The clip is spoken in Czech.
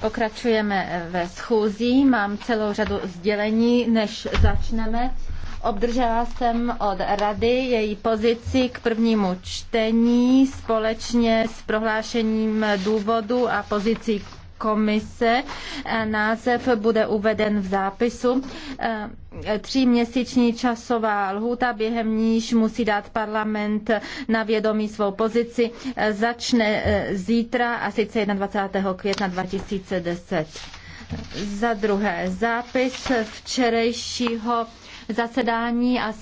Pokračujeme eh, ve schůzí. Mám celou řadu sdělení, než začneme. Obdržela jsem od Rady její pozici k prvnímu čtení společně s prohlášením důvodu a pozicí komise. Eh, název bude uveden v zápisu. Eh, tříměsíční časová lhůta, během níž musí dát parlament na vědomí svou pozici, začne eh, zítra a sice 21. května 2010. Za druhé, zápis včerejšího zasedání a